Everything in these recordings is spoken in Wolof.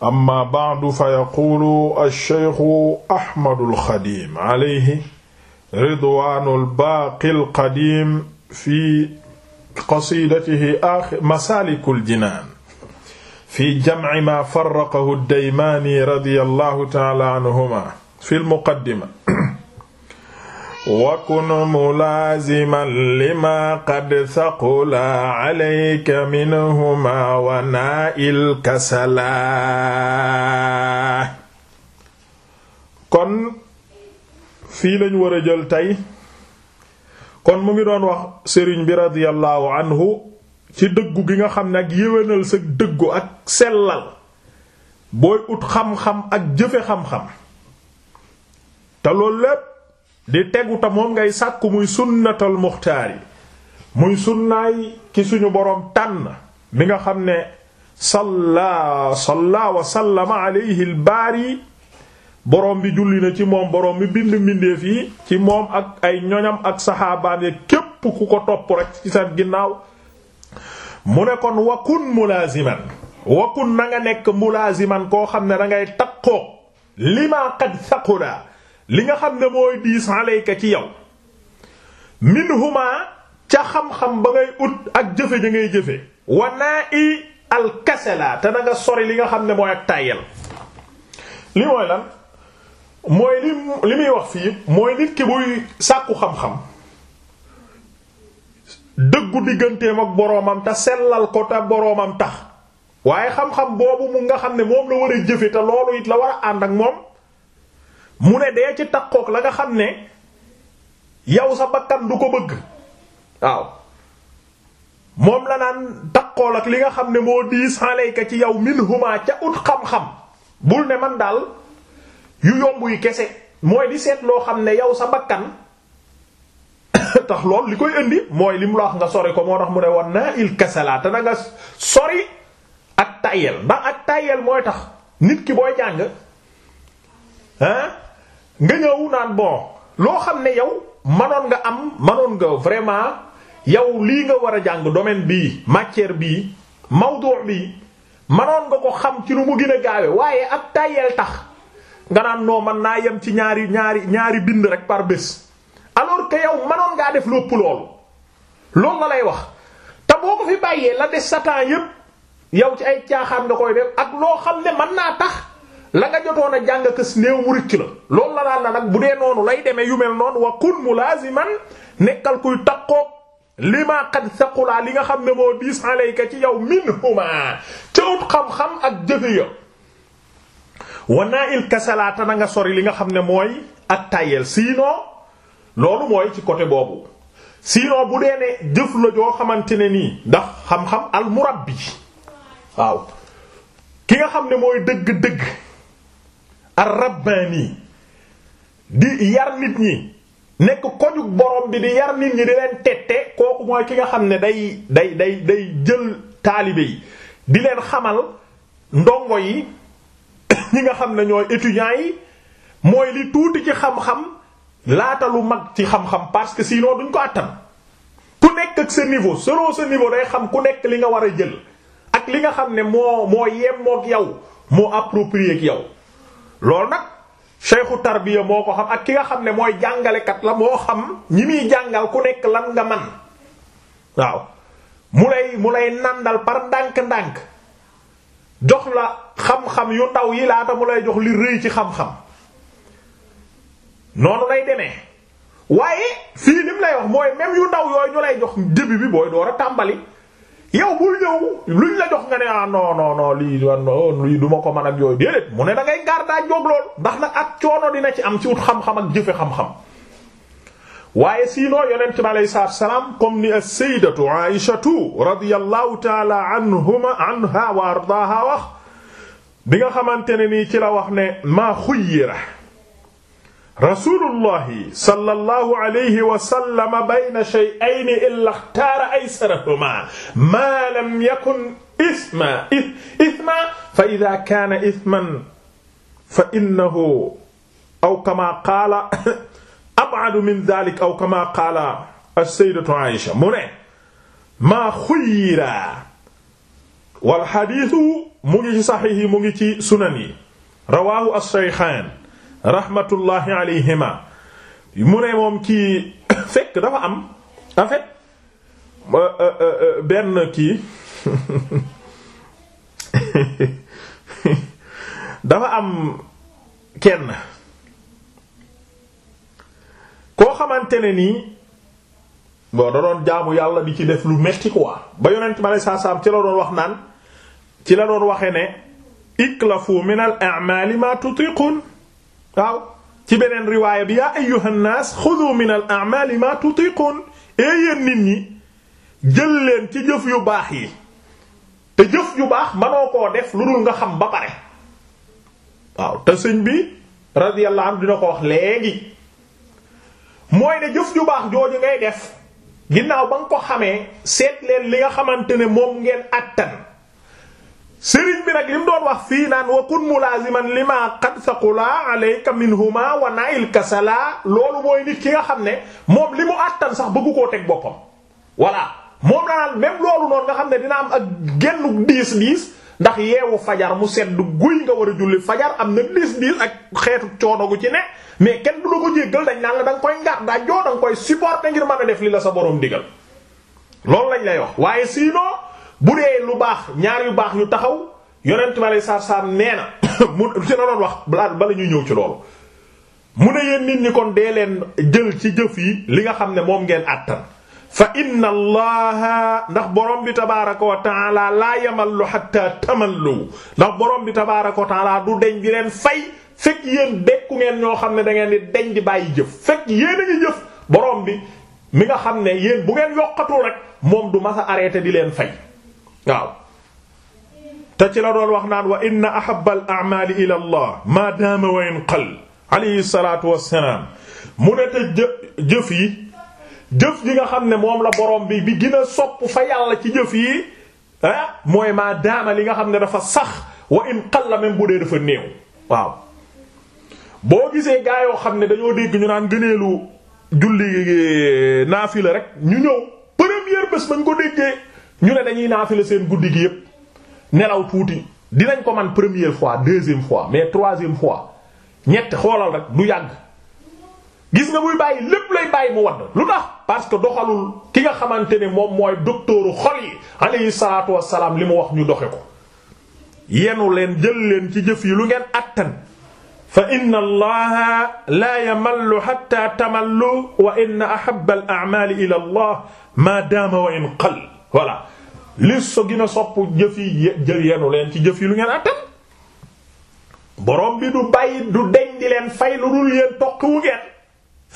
amma ba'du fa yaquulu alsheikhu ahmadu alxadim alayhi ridwanu albaaqi alqadim fi qasidatihi aaxir masaaliku aljinaan fi jamci ma faraqahu addaymaani radiyallahu ta'ala anhuma fi almuqaddima wakun mulaaziman lima qad saqula alayka minhuma wa naa'il kasala kon fii lañ war a jël tey kon mu ngi doon wax sëriñ bi radiyallahu anhu ci dëggu gi nga xam ne ak yéwénal sa dëggu ak sellal booy ut xam-xam ak jëfe xam-xam te loolu lépp di tegu ta ngay sàkku muy sunnatal muxtaar yi muy sunnaay ki suñu boroom tànn mi nga xam ne salla salla wa sallama alayhi baari boroom bi julli na ci moom boroom bi bind mbindeef yi ci moom ak ay ñoñam ak saxaabaan ya képp ku ko topp rek ci seen ginnaaw mu ne kon wakun mulaaziman wakun na nga nekk mulaaziman koo xam ne da ngay takkoo lima qad saqula li nga xam ne mooy diis alayka ci yow minhuma ca xam-xam ba ngay ut ak jëfe ja ngay jëfe wanaa i alkasala te na nga sori li nga xam ne mooy ak tàyyel li mooy lan mooy li li muy wax fii mooy nit ki buy sàkku xam-xam dëggu digganteem ak boroomam te sellal ko te boroomam tax waaye xam-xam boobu mu nga xam ne moom la war a jëfe te loolu it la war a ànd ak moom mu ne dee ci takkook la nga xam ne yow sa bakkan du ko bëgg waaw moom la naan takkool ak li nga xam ne moo diis alayka ci yow min huma ca ut xam-xam bul ne man daal yu yomb yi kese mooy di seet loo xam ne yow sa bakkan tax lool li koy indi mooy li mu la nga sori ko moo tax mu ne war naa il kasala te na nga sori ak tayel ndax ak tayel mooy tax nit ki booy jàng nga ñëw naan bon loo xam ne yow manoon nga am manoon nga vraiment yow lii nga war a jàng domaine bii matière bii mawdu' bii manoon nga ko xam ci lu mu gën gaawe waaye ak tayel tax nga naan noo man naa yem ci ñaari ñaari ñaari bind rek par bés alors que yow manoon ngaa def lépp loolu loolu la lay wax te boo ko fi bàyyee la des satan yépp yow ci ay caaxaan nga koy def ak loo xam ne mën naa tax la nga jotoon a jàng kës néew mu rikki la loolu la daal na nag bu dee noonu lay demee yu mel noonu wa kun mulaaziman nekkal kuy takkoog lima qad li nga xam ne moo diis alayka ci yow minhuma cawut xam-xam ak jëfe ya wa na'il kasalaata na nga sori li nga xam ne mooy ak tayel sinon loolu mooy ci côté boobu sinon bu dee ne jëf la joo xamante ne nii ndax xam-xam al murabbi waaw ki nga xam ne mooy dëgg-dëgg ar-rabbaani di yar nit ñi nekk koju borom bi di yar nit ñi di leen tette kooku mooy ki nga xam ne day day day day jël taalibe yi di leen xamal ndongo yi ñi nga xam ne ñooy étudiants yi mooy li tuuti ci xam-xam laata lu mag ci xam-xam parce que sinon duñ ko àttan ku nekk ak sa niveau selon sa niveau day xam ku nekk li nga war a jël ak li nga xam ne moo moo yem yow moo approprié ak yow. loolu nag cheikhu tarbiya moo ko xam ak ki nga xam ne mooy jàngalekat la moo xam ñi muy jàngal ku nekk lan nga man waaw mu lay mu lay nandal par ndànk-ndànk jox la xam-xam yu ndaw yi laata mu lay jox li rëy ci xam-xam noonu lay demee waaye fii lim lay wax mooy même yu ndaw yooyu ñu lay jox début bi booy door a tàmbali yow bul ñëw luñ la jox nga ne ah non non lii wan oh, ko mën ak yooyu déedéet mu ne da ngay gaar daa jóg lool ndax nag ak coono dina ci am ci wut xam-xam ak jëfe xam-xam waaye siinoo yonent bi aleyhi salaatu salaam comme ni as-sayyidatu Aïshatu radiyallahu taala anha wa ardaaha wax bi nga xamante ne nii ci la wax ne maa xuyyira rasulullahi sallallahu alayhi wa sallam bayna shay'ayni illa ixtaara aysarahumaa maa lam yakun isma isma fa idaa kaana isman fa innahu aw kamaa qaala ab'adu min zaalika aw kamaa qaala as-sayyidatu Aysha mu ne maa xuyyira wal hadiisu mu ngi ci saxiix yi mu ngi ci sunan yi rawaahu as-Shaykhaan rahmatullahi alayhima mu ne moom kii fekk dafa am en euh, euh, euh, benn kii dafa am kenn koo xamante ne nii boo da doon jaamu yàlla bi ci def lu metti quoi ba yonent ma lay saasaam ci la doon wax naan ci la doon waxe ne iklafu min al a'mali ma tutiqun waaw ci beneen riwaaya bi yaa ayyuhan naas xudu min al a'maali ma tutiqun ee nit ñi jël leen ci jëf yu baax yi te jëf yu baax manoo koo def lu dul nga xam ba pare waaw te sëñ bi radiyallahu anhu dina ko wax léegi mooy ne jëf yu baax jooju ngay def ginnaaw ba nga ko xamee seetleen li nga xamante ne moom ngeen àttan sëriñ bi nag li mu doon wax fii naan wa kun mulaziman lima qad saqula alayka minhuma wa nail kasala loolu mooy nit ki nga xam ne moom li mu àttan sax bëggu koo teg boppam voilà moom la naan même loolu noonu nga xam ne dina am ak gennu diis diis ndax yeewu fajar mu sedd guy nga war a julli fajar am na diis diis ak xeetu coono gu ci ne mais kenn du la ko jéggal dañ naan la da nga koy ngar daa joo da nga koy supporter ngir mën a def li la sa borom digal loolu lañ lay wax bu dee lu baax ñaar yu baax yu taxaw yonent bi aleyhi salaatu nee na mu ci la doon wax balaa bala ñuy ñëw ci loolu mu ne yéen nit ñi kon dee leen jël ci jëf yi li nga xam ne moom ngeen àttan fa inna allaha ndax borom bi tabaaraka wa taala laa yamallu hatta tamallu ndax borom bi tabaaraka wa du deñ di leen fay fekk yéen dekku ngeen ñoo xam ne da ngeen di deñ di bàyyi jëf fekk yéen a ngi jëf borom bi mi nga xam ne yéen bu ngeen yokkatu rek moom du mas a arrêté di leen fay waaw te ci la doon wax naan wa inna ahabba al a'mali ila allah ma dama wa in qal alayhi mu ne te jëf yi jëf ji nga xam ne moom la borom bi bi gën fa ci jëf yi mooy maa daama li nga xam ne dafa sax wa in qalla même bu dee dafa néew boo gisee gaa yoo xam ne dañoo dégg ñu naan gëneelu julli eh, naafila rek ñu ñëw première bés bañ ko déggee ñu ne dañuy naafila seen guddi gi yëpp nelaw tuuti dinañ ko man première fois deuxième fois mais troisième fois ñetti xoolal rek du yàgg gis nga muy bàyyi lépp lay bàyyi mu wax lu tax parce que doxalul ki nga xamante ne moom mooy docteuru xol yi alayhi salaatu wassalaam li mu wax ñu doxe ko yenu leen jël leen ci jëf yi lu ngeen attan fa in allaha la yamallu hatta tamallu wa inna ahabba al a'mali ila allah ma dama wa in qal voilà lis so gën a sopp jëf yi jël yenu leen ci jëf lu ngeen attan borom bi du bàyyi du deñ di leen fay lu dul yéen tokk wu ngeen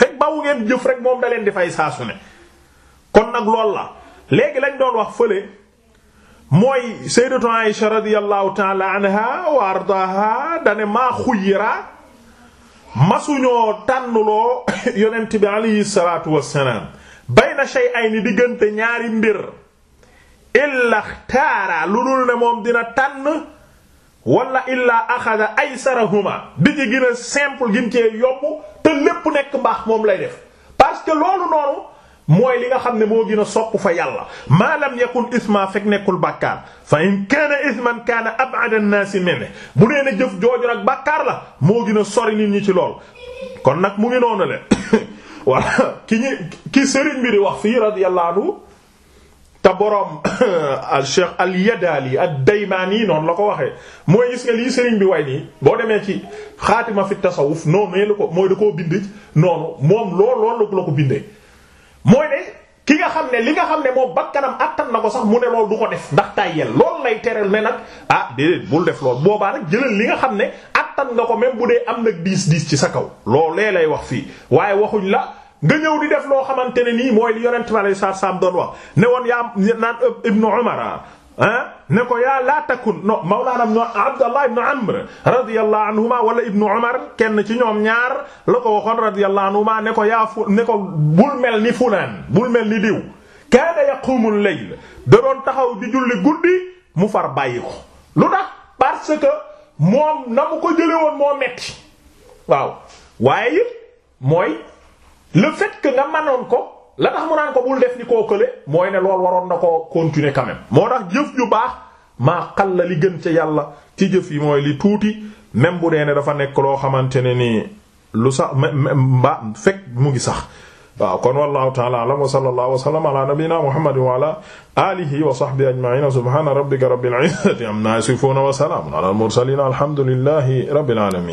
fekk ba wu ngeen jëf rek moom da leen di fay saa ne kon nag lool la léegi lañ doon wax fële mooy sayyidatu Aisha radiyallahu ta'ala anha wa ardaaha dane maa xuyyira masuñoo tànnuloo yonent bi alayhi salatu wassalaam bayna shay'ayni diggante ñaari mbir illa xtaara lu dul ne moom dina tànn wala illa axada aysarahuma bi ci gën a simple gin cee yomb te lépp nekk mbaax moom lay def parce que loolu noonu mooy li nga xam ne moo gën a sopp fa yàlla ma lam yakun isma fekk nekkul bàkkaar fa in kaana kaan kaana ab'ada an-naasi minhu bu nee ne jëf jooju nag bàkkaar la moo gën a sori nit ñi ci lool kon nag mu ngi noonu le wala ki ñi ki sëriñ bi wax fii radiyallahu anhu te boroom al cheikh al yadaali ad daymaani noonu la ko waxee mooy gis nga lii sëriñ bi way nii boo demee ci xaatima fi tasawuf noonu la ko mooy da koo bind noonu moom lool loolu la ko bindee mooy ne ki nga xam ne li nga xam ne moom bakkanam attan na ko sax mu ne loolu du ko def ndax tàyyel loolu lay tereel ne nag ah déedéet bul def loolu boobaa nag jëlal li nga xam ne attan na ko même bu dee am nag diis diis ci sa kaw loolee lay wax fii waaye waxuñ la nga ñëw di def loo xamante ne nii mooy li yonent ma lay saa saam doon wax ne woon yaa naan ibnu Umar ah, ah, ne ko yaa laa takun no mawlaana ibnu Abdallah ibnu Amr radiyallahu anhuma wala ibnu Umar kenn ci ñoom ñaar la ko waxoon radiyallahu anhuma ne ko yaa fu ne ko bul mel ni fulaan bul mel ni diw kaana yaquumul layl da doon taxaw bi julli guddi mu far bàyyi ko lu tax parce que moom na mu ko jëlee woon moo metti waaw waaye it mooy. le fait que nga manoon ko la tax mu naan ko bul def ni koo kële mooy ne loolu waroon na koo continuer quand moo tax jëf ju baax maa xal la li gën ca yàlla ci jëf yi mooy li tuuti même bu dee ne dafa nekk loo xamante ne ni lu sax mba fekk mu ngi sax waaw kon wallahu ta'ala a'lam wa sallallahu wa sallama ala nabiyyina muhammadin wa ala alihi wa sahbihi ajma'in subhana rabbika rabbil izzati amma yasifun wa salamun ala